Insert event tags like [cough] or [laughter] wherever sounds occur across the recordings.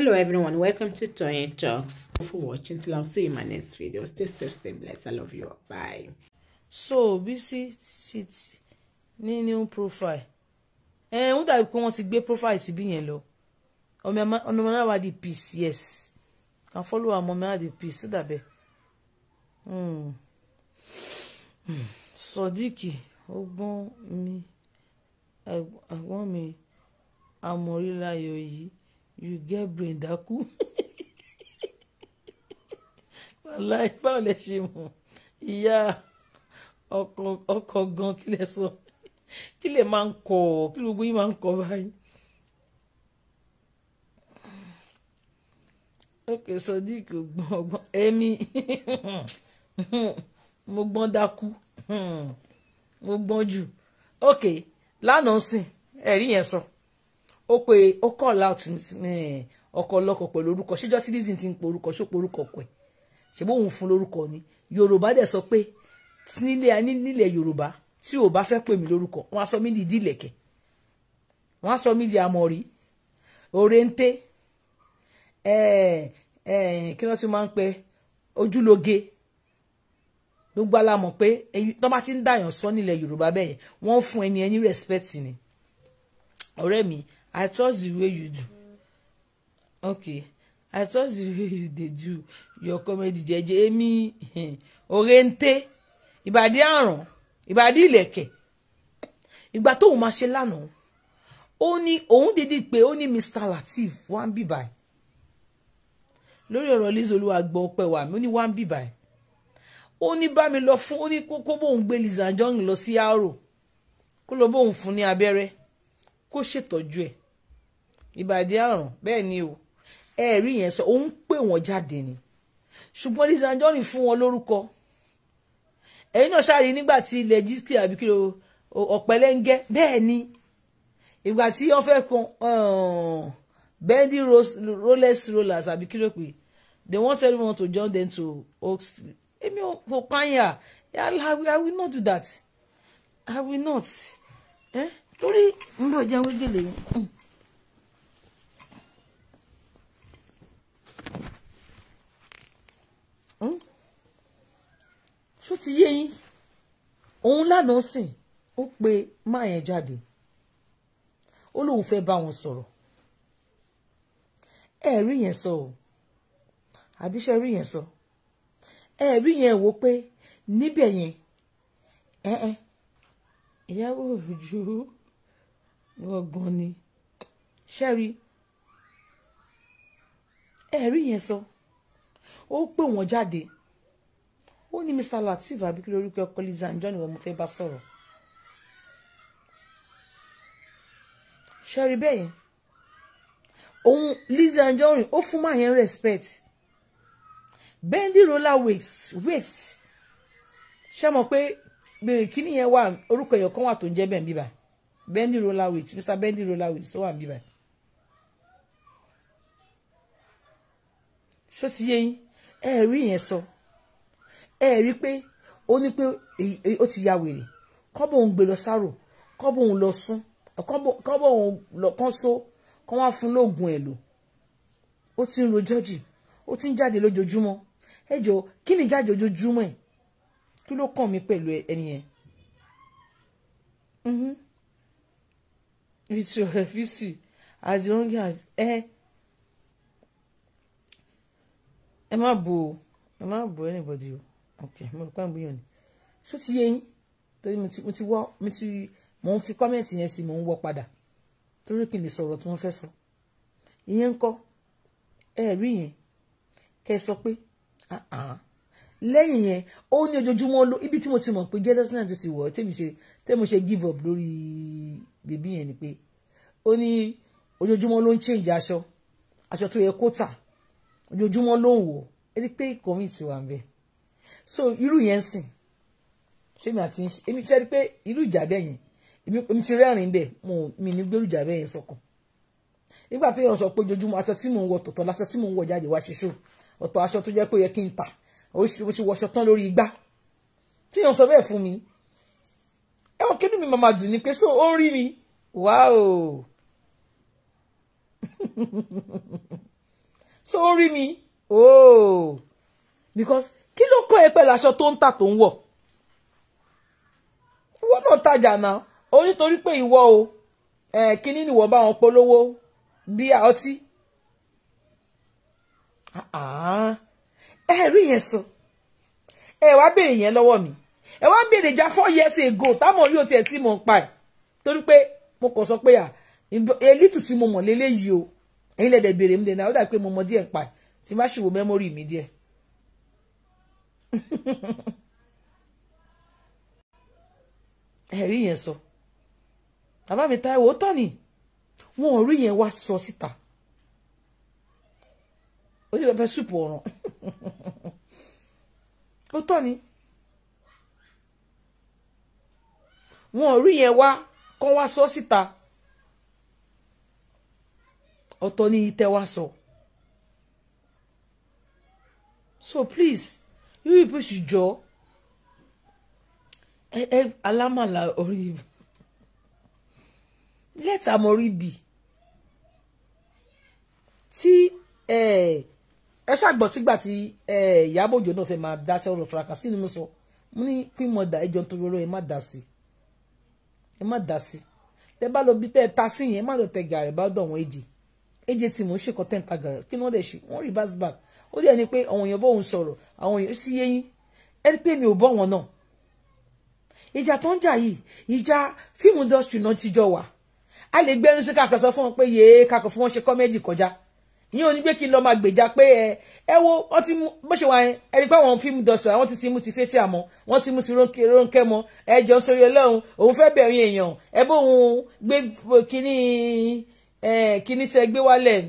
hello everyone welcome to Toyeen Talks Thank you for watching till i'll see you in my next video stay safe stay blessed i love you bye so Bisi ti ní new profile ẹ ń dàbí profile wọ́n ti gbé profile ti bí yẹn lọ ọmọọmọláwa di peace yes can follow am ọmọọmọláwa di peace sídàbẹ hmm. Sodiq ọgbọ́n mi want me. Amorila yìí you get brain dákú wàláì báwo lẹ ṣe mọ̀ ìyá ọkọ gan kí lẹ sọ kí lẹ máa ń kọ kí gbogbo yín máa ń kọ báyìí. ókè sadiq gbọ́n ọgbọ́n ẹ̀mí mo gbọ́n dákú mo gbọ́n jù ókè lánàá sìn ẹ̀rí yẹn sọ ó pe ó call out ọkọ ọlọ́kọ pẹ̀lú orúkọ ṣéjọ́ citizen ti ń pe orúkọ ṣó pe orúkọ pẹ̀ ṣe bó òun fún lórúkọ ni yorùbá dẹ̀ sọ pé nílẹ̀ yorùbá tí ò bá fẹ́ pè mí lórúkọ wọ́n á sọ mí di ìdílẹ̀kẹ̀ wọ́n á sọ mí di amọ̀rí òrèǹté kí wọ́n ti máa ń pẹ́ ojúlóge gbogbo alamọ̀ pé tó bá ti ń dàyàn sọ nílẹ̀ yorùbá bẹ́ẹ̀ wọ́n fún ẹni ẹni respect ni ọ̀rẹ́ mi i trust the way you do okay i trust the way you dey do your comedy jẹjẹ èmi eh, oriente, ìbàdí àrùn ìbàdí ìlẹ̀kẹ̀ ìgbà tóun máa ṣe lánàá ó ní òun dídí pé ó ní Mr Lateef wá ń bì báyìí lórí ọ̀rọ̀ Lizzie Olúwagbọ́ ọpẹ́ oni mí ó ní wá ń bì báyìí ó ní mi lọ fún ó ní kókó bóun gbé Lizzie Anjorin lọ aro kó lọ bóun fún ní abẹ́rẹ́ kó ṣètọ́jú ìbàdí àrùn bẹ́ẹ̀ ni o ẹ̀rí yẹn sọ òun pè wọ́n jáde ni ṣùgbọ́n Lizzy Anjorin fún wọn lórúkọ ẹ̀yin náà ṣáàrí nígbà tí ilẹ̀ jíṣkì àbí kí ọ̀pẹ̀lẹ́ńgẹ́ bẹ́ẹ̀ ni ìgbà tí wọ́n fẹ́ kan uh, bendy rolex rollers àbí kí ló pè they want everyone to join them to oaks èmi ò pààyà I will not do that I will not eh? torí n bọ̀ jẹun gbèlè yẹn. Hmm? ṣó ti yé yín òun lánàá sìn ó pe má yẹn jáde ó lóun fẹ́ bá wọn sọ̀rọ̀ ẹ rí yẹn sọ o àbíṣẹ́ rí yẹn sọ ẹ rí yẹn wò pé níbẹ̀ yẹn ẹ ẹ ìyàwó ojú ọgbọ́n ni ṣẹ́rí ẹ rí yẹn sọ. So ó pè wọ́n jáde ó ní Mr Latif? Lateef àbí kí lórúkọ ọkọ Lizzie ìwọ mo fẹ́ bá sọ̀rọ̀ ṣẹ́rí bẹ́ẹ̀ yẹn òun Lizzie Anjorin ó fún máa yẹn respect bendy roller waist waist ṣe mọ̀ pé gbèrè kíní yẹn wà orúkọ ẹ̀yọ̀ kan wà tó ń jẹ́ bẹ́ẹ̀ bíbà bendy roller waist Mr bendy roller waist tó wà bíbà ṣó ti yé ẹ rí yẹn sọ ẹ rí pé ó ní pé ó ti ya wèrè kọ́bọ̀ òun gbé lọ sáró kọ́bọ̀ òun lọ sún kọ́bọ̀ òun lọ kán so kán wá fún lóògùn ẹ̀ lò ó ti ń rojọ́ jì ó ti ń jáde lójoojúmọ́ ẹ jọ kí ni jáde ojoojúmọ́ ẹ̀ kí ló kàn mí pẹ̀lú ẹni yẹn mm-hmm. with your refusal [laughs] as young as eh ẹ má bò ó ẹ má bò anybody o ok mo rò pé àwọn èèyàn ni ṣó ti yé yín torí mo ti wọ́ mo ti mo ń fi kọ́mẹ̀ntì yẹn sí mò ń wọ́ padà torí kí n lè sọ̀rọ̀ tí wọ́n fẹ́ sọ ìyẹn ń kọ́ ẹ rí yẹn kẹ sọ pé lẹ́yìn yẹn ó ní ojoojúmọ́ ló ibi tí mo ti mọ̀ pé jealousy náà tó ti wọ̀ tẹ́mi ṣe tẹ́mi ṣe give up lórí bèbí yẹn ni pé ó ní ojoojúmọ́ ló ń change aṣọ aṣọ tó yẹ kó tà ojoojúmọ́ ló ń wò ó rí pé commit wà ń bẹ so irú yẹn sìn ṣémi àti èmi ṣe rí pé irú ìjà bẹ́ẹ̀ yẹn èmi ti rẹ́rìn bẹ́ẹ̀ mo mi ní gbèrú ìjà bẹ́ẹ̀ yẹn sọkàn nígbà tó yàn sọ pé ojoojúmọ́ aṣọ tí mò ń wọ tọ̀tọ̀ láṣọ tí mò ń wọ jáde wá ṣe ṣó ọ̀tọ̀ aṣọ tó jẹ́ pé ó yẹ kí n tà ó ṣe wọṣọ tán lórí igbá tí yàn sọ bẹ́ẹ̀ fún mi ẹwọ kí ni mi màmá dùn ni pé so ó ń rí mi wáò. [laughs] so ó rí mi ooo oh. because kí ló kọ́ ẹ pẹ̀lú aṣọ tó ń tà tó ń wọ̀ ìwọ náà tajà náà ó nítorí pé ìwọ o kíní nìwọ bá wọn polówó bí ọtí ah, ah. ẹ rí yẹn sọ ẹ wá béèrè yẹn lọ́wọ́ mi ẹ wá béèrè já four years ago táwọn orí òtí ẹ tí mò ń pa ẹ torí pé mo kàn sọ pé à elítù tí mo mọ̀ lélẹ́yìí o ẹ̀yin lẹ́dẹ̀ béèrè mi dènà ó dà pé mo mọ díẹ̀ ń pa tí má ṣòwò mẹ́mórì mi díẹ̀. [laughs] ẹ̀rí yẹn sọ bàbá mi Táíwò ó tọ́ ni wọn ò rí yẹn wá sọ síta oníbẹ̀bẹ̀ súpù ọ̀ràn [laughs] ó tọ́ ni wọn ò rí yẹn wá kán wá sọ síta ọ̀tọ̀ ní yìí tẹ́ sọ. so please you people should jọ ẹ ẹ alámàlà orí ibu lẹ́tà mọ̀rí bì tí ẹ ẹ ṣàgbọ́ tígbà tí ẹ Ìyábọ̀ Òjó náà fẹ́ máa dá sẹ́wọ̀n fracas kí ni mo sọ mo ní kí mo dà ẹjọ́ nítorí ọ̀rọ̀ ẹ má dà sí ẹ má dà sí tẹ bá lọ bí tẹ ta sí yẹn má lọ tẹ gàrí bá dọ̀ wọ́n èjì AJT mò ń ṣe content agar kí ni wọ́n dẹ̀ ṣe wọ́n reverse back ó dẹ̀ ni pé àwọn èèyàn bóun sọ̀rọ̀ àwọn èèyàn sí yẹyìn ẹni pé mi ò bọ́ wọn náà ìjà tó ń jà yìí ìjà fíìmù industry náà ti jọ wà a lè gbẹnu sí kàkọ́ sọ fún wọn pé yéé kàkọ́ fún wọn ṣe kọ́mẹ́dì kọjá yín ò ní pé kí n lọ máa gbèjà pé ẹ wo wọn ti mú bó ṣe wà yẹn ẹni pé àwọn fíìmù industry àwọn ti ti mú ti fétí àmọ́ wọn ti mú ti rónkẹ rónkẹ mọ ẹjọ nítorí Ọlọ́run òun fẹ́ bẹ̀rù èèyàn ẹ bóun gbé kínní kíní tẹ́ gbé wálẹ̀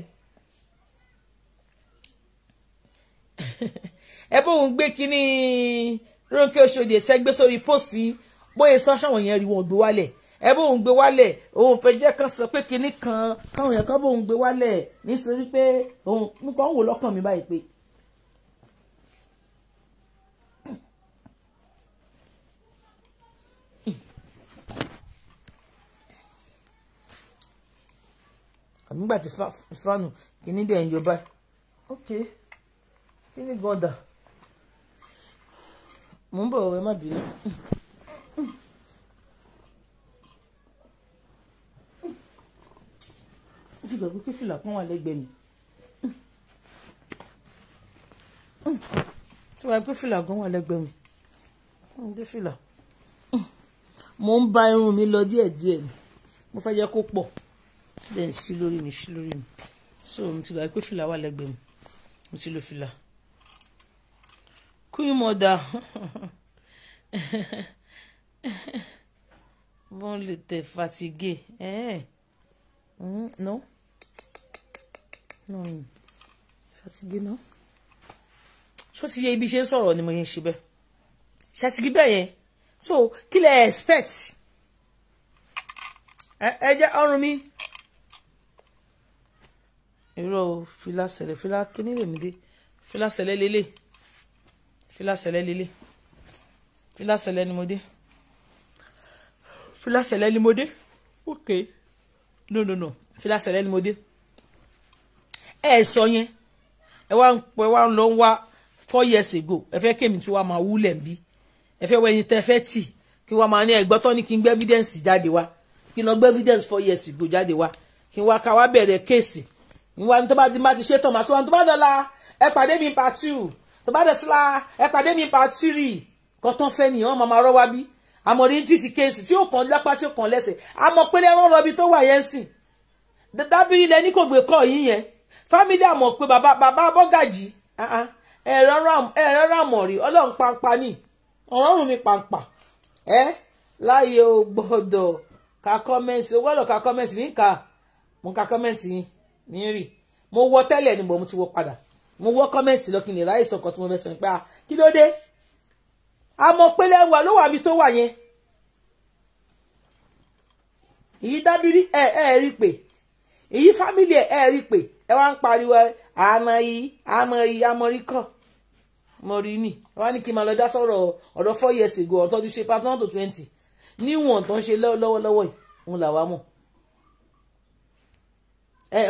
ẹ bóun gbé kíní Rónkẹ́ Òṣòdì tẹ́ gbé sórí pósì bóyá sọ́ṣọ̀wọ̀n yẹn rí wọn gbé wálẹ̀ ẹ bóun gbé wálẹ̀ òun fẹ́ jẹ́ kán sọ pé kíní kan káwọn yẹn kán bóun gbé wálẹ̀ nítorí pé òun nípa òun wò lọ́kàn mi báyìí pé àbígbà tí fanu kìíní dẹ̀ ń yọ báyìí ok kíní gan dà mò ń bọ̀ ẹ má bínú. ó ti gbàgbé pé fìlà kan wà lẹ́gbẹ̀ẹ́ mi tí wàá pé fìlà gan wà lẹ́gbẹ̀ẹ́ mi ń dé fìlà mo ń bá irun mi lọ díẹ̀díẹ̀ mo fẹ́ jẹ́ kó pọ̀ then sí lórí mi sí lórí mi so mo ti gbà pé fìlà wà lẹ́gbẹ̀ẹ́ mi mo ti lo fìlà queen mother [laughs] wọ́n lè tẹ̀ fatigue hmm, no no fatigue no ṣó ti yẹ ibi ṣe ń sọ̀rọ̀ ni mo yẹn ṣe bẹ́ẹ̀ ṣàtìgí bẹ́ẹ̀ so kí lẹ expect ẹ jẹ́ ọrùn mi irọ́ fìlà sẹ̀lẹ̀ fìlà kíní lèmi dé fìlà sẹ̀lẹ̀ lélẹ̀ fìlà sẹ̀lẹ̀ lélẹ̀ fìlà sẹ̀lẹ̀ ni mo dé fìlà ni mo dé ok no no no fìlà sẹ̀lẹ̀ ni mo dé ẹ ẹ sọ yẹn ẹ wá ń pẹ wá ń lọ wá four years ago ẹ fẹ́ kémi tí wàá máa wúlẹ̀ ń bí ẹ fẹ́ wẹ́yìn tẹ́ fẹ́ tì kí wọ́n máa ní ẹ̀gbọ́n tán ní kí n gbé evidence jáde wá kí n lọ gbé evidence four years ago jáde wá kí n wá ká wá bẹ̀rẹ̀ kéèsì ìwà ní tó bá di má ti ṣe tán màá tó wà ní tó bá dọ̀la ẹ pàdé mi part two tó bá dẹ̀ sílá ẹ pàdé mi part three kọ́tán fẹ́ ni wọ́n máa máa rọ́ wá bí àmọ̀rí ti ti kéèsì tí ó kàn lápá tí ó kàn lẹ́sẹ̀ àmọ́ pé lẹ́rán rọbi tó wà yẹn sìn dábìrì lẹ́ni kò gbé kọ́ yín ah fámílì àmọ̀ pé bàbá bàbá bọ́gàjì ah, ah. ẹ̀rọ ràmọ̀rí ọlọ́run pàǹpà ni ọ̀rọ̀rùn mi pàǹpà ẹ́ láyé o gbọ́dọ̀ ka kọ́mẹ́ǹtì o gbọ́dọ̀ ka kọ́mẹ́ǹtì mi kà mo ka kọ́mẹ́ǹtì yín ní rì mo wọ tẹ́lẹ̀ ni mo ti wọ padà mo wọ kọ́mẹ̀ntì lọ kí n lè ráyè sọ̀kan tí mo fẹ́ sọ pé ah, kí ló dé àmọ́ pélé wà ló wà mí tó wà yẹn èyí dábìrí ẹ ẹ rí pé èyí fámìlì ẹ ẹ rí pé ẹ wá ń pariwo àmọ́ yìí àmọ́ yìí àmọ́ rí kọ́ mo rí ni ẹ wá ní kí n máa lọ dá sọ̀rọ̀ ọ̀rọ̀ four years ago ọ̀tọ́ ti ṣe part one to twenty níwọ̀n tó ń ṣe lọ́wọ́lọ́wọ́ yìí òun làwa mọ̀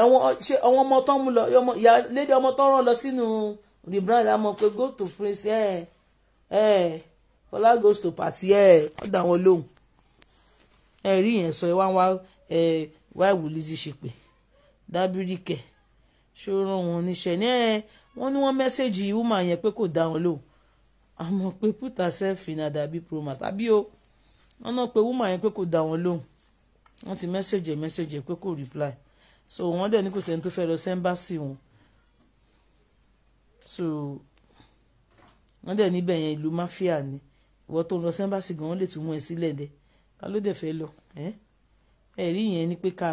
àwọn ọmọ tán mú lọ ìyá lédè ọmọ tán rán lọ sínú rebrand àmọ́ pé go to prince ẹ ẹ Fọlá goes to party ẹ ọ dà lóhùn ẹ rí yẹn sọ wá wá ẹ wá ìwòlísì ṣe pé dábìríkẹ ṣó rán wọn níṣẹ́ ní ẹ wọ́n ní wọ́n mẹ́sẹ̀gì wúmà yẹn pé kò dá wọn lóhùn àmọ́ pé put herself in àdàbí promas àbí o wọ́n náà pé wúmà yẹn pé kò dá wọn lóhùn wọ́n ti mẹ́sẹ̀gì ẹ pé kò reply so wọ́n dẹ̀ ní kò sẹ́ni tó fẹ́ lọ sẹ́ńbàsì wọn so wọ́n dẹ̀ níbẹ̀ yẹn ìlú máfíà ni ìwọ tó ń lọ sẹ́ńbàsì gan wọ́n lè tún mú ẹ sílẹ̀ dẹ̀ ká ló dẹ̀ fẹ́ lọ ẹ́ yẹn ni pé ká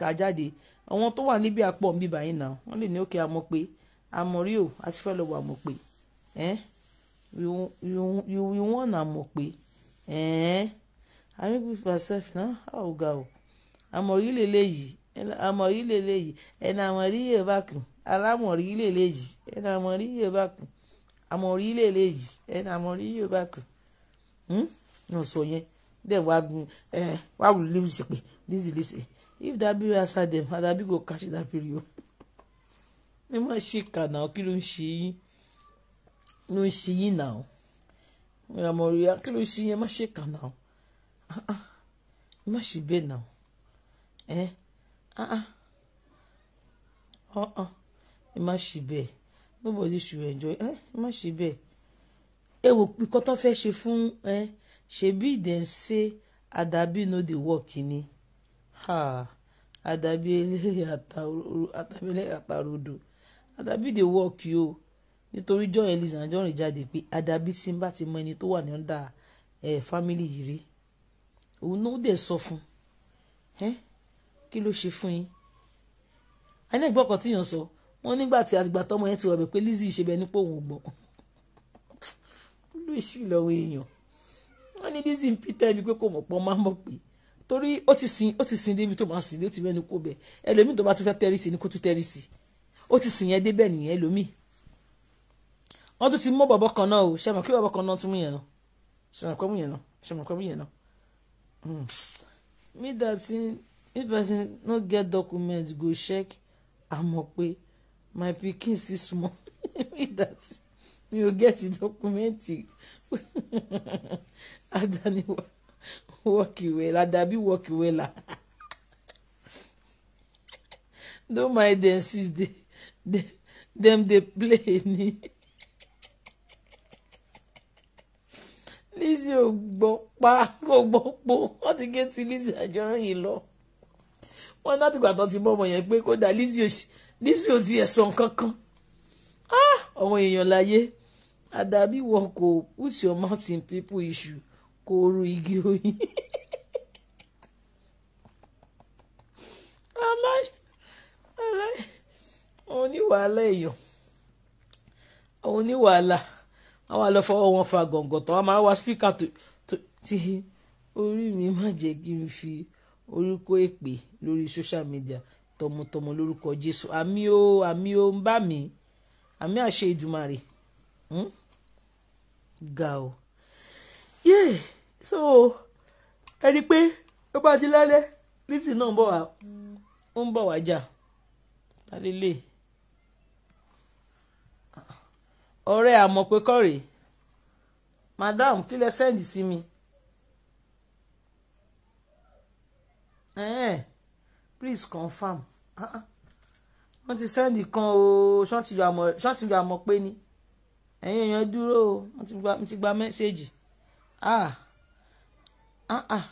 ká jáde àwọn tó wà níbi àpọ̀ ń bí báyìí náà wọ́n lè ní òkè àmọ́ pé àmọ́ rí o àti fẹ́ lọ wà mọ̀ pé ẹ́ you wọ́n náà mọ̀ pé ẹ́ àrígbìfà sẹ́fì náà àwògà o àmọ́ rí lélẹ́yìí ọmọ yìí lélẹ̀ yìí ẹni àwọn rí yè bá kù alámọ̀rí lélẹ̀ yìí ẹni àwọn rí yè bá kù àmọ̀rí lélẹ̀ yìí ẹni àwọn rí yè bá kù náà sọ yẹn dẹ̀ wá gun ẹ wá wù lè ṣe pé lizzy lizzy if that be answer them adabi go catch that period ẹ má ṣe kànáà kí ló ń ṣe yín ló ń ṣe yín náà àmọ̀rí ah, kí ló ń ṣe yín ẹ má ṣe kànáà ah, ah, ẹ má ṣe bẹ́ẹ̀ náà ẹ. Ah ọ̀hún ah. oh, oh. má ṣe bẹ́ẹ̀ nobody should enjoy ẹ eh, ẹ má Eh, bẹ́ẹ̀ ẹ wò píkọ́ tó fẹ́ ṣe fún ẹ ṣebí dem say adabi no dey work ni adabi eléyà àtàrodo adabi dey work o nítorí john ellis anjorin jáde pé adabi tí n ti mọ ẹni tó wà ní ọ̀dà ẹ̀ eh, family yìí rí òun náà ó dẹ̀ Eh? kí ló ṣe fún yín a ní ìgbọ́kọ̀ tí yàn sọ wọn nígbà tí àgbà tọmọ yẹn ti wọ̀ bẹ̀ pé Lizzie ṣe bẹ nípò òun gbọ́ ló sì lọ́wọ́ èèyàn wọn ní Lizzie ń pété ẹni pé kò mọ̀ pọ́n máa mọ̀ pé torí ó ti sin ó ti sin débi tó máa sin ló ti mẹ́nu kó bẹ̀ ẹlòmíì tó bá tún fẹ́ tẹ́rì sí ni kó tún tẹ́rì sí ó ti sìn yẹn débẹ̀ nìyẹn ẹlòmíì wọn tún ti mú bọ̀bọ̀ kan náà o ṣe mọ̀ kí bọ̀bọ̀ kan náà tún mú yẹn náà ṣe mọ̀ mú yẹn náà ṣe mọ̀ mú yẹn hmm. náà if person no get document go check àmọ́ pé my pikin still small [laughs] mean that you get the document [laughs] adani work well adabi work well don't mind them since they, they them dey play ni [laughs] Lizzie ò gbọ́ pa kò gbọ́ po wọ́n ti get ti Lizzie Anjorin yìí lọ wọ́n látìgbà tó ti bọ́ ọmọ yẹn pé kódà Lizzy ò ti ẹ̀sán kankan ah! ọmọ èèyàn láyé àdàbí wọn kò put your mouth in people issue kò ru igi oyin. [laughs] àwọn oníwàhálà èèyàn àwọn oníwàhálà àwọn àlọ́fọwọ́ wọn fa gọ̀ǹgọ̀ tán wọn máa wá spíkà tó ti orí mi má jẹ́ kí n fi orúkọ èpè lórí social media tọmọtọmọ lórúkọ jésù àmì o àmì o ń bá mi àmì àṣẹ ìdùmarè hmm? ga o yéè so ẹni pé ó bá di lálẹ́ lítì náà ń bọ̀ wá ó ń bọ̀ wá jà lálélẹ̀ ọ̀rẹ́ àmọ̀ madam kí lẹ sẹ́ǹdì sí mi. eh, please confirm ah, ah. wọ́n ti sẹ́ndì kan o ṣọ́ọ̀tì gba mọ̀ pé ni ẹ̀yin èèyàn dúró o wọ́n ti gba mẹ́sẹ̀gì ah ah ah.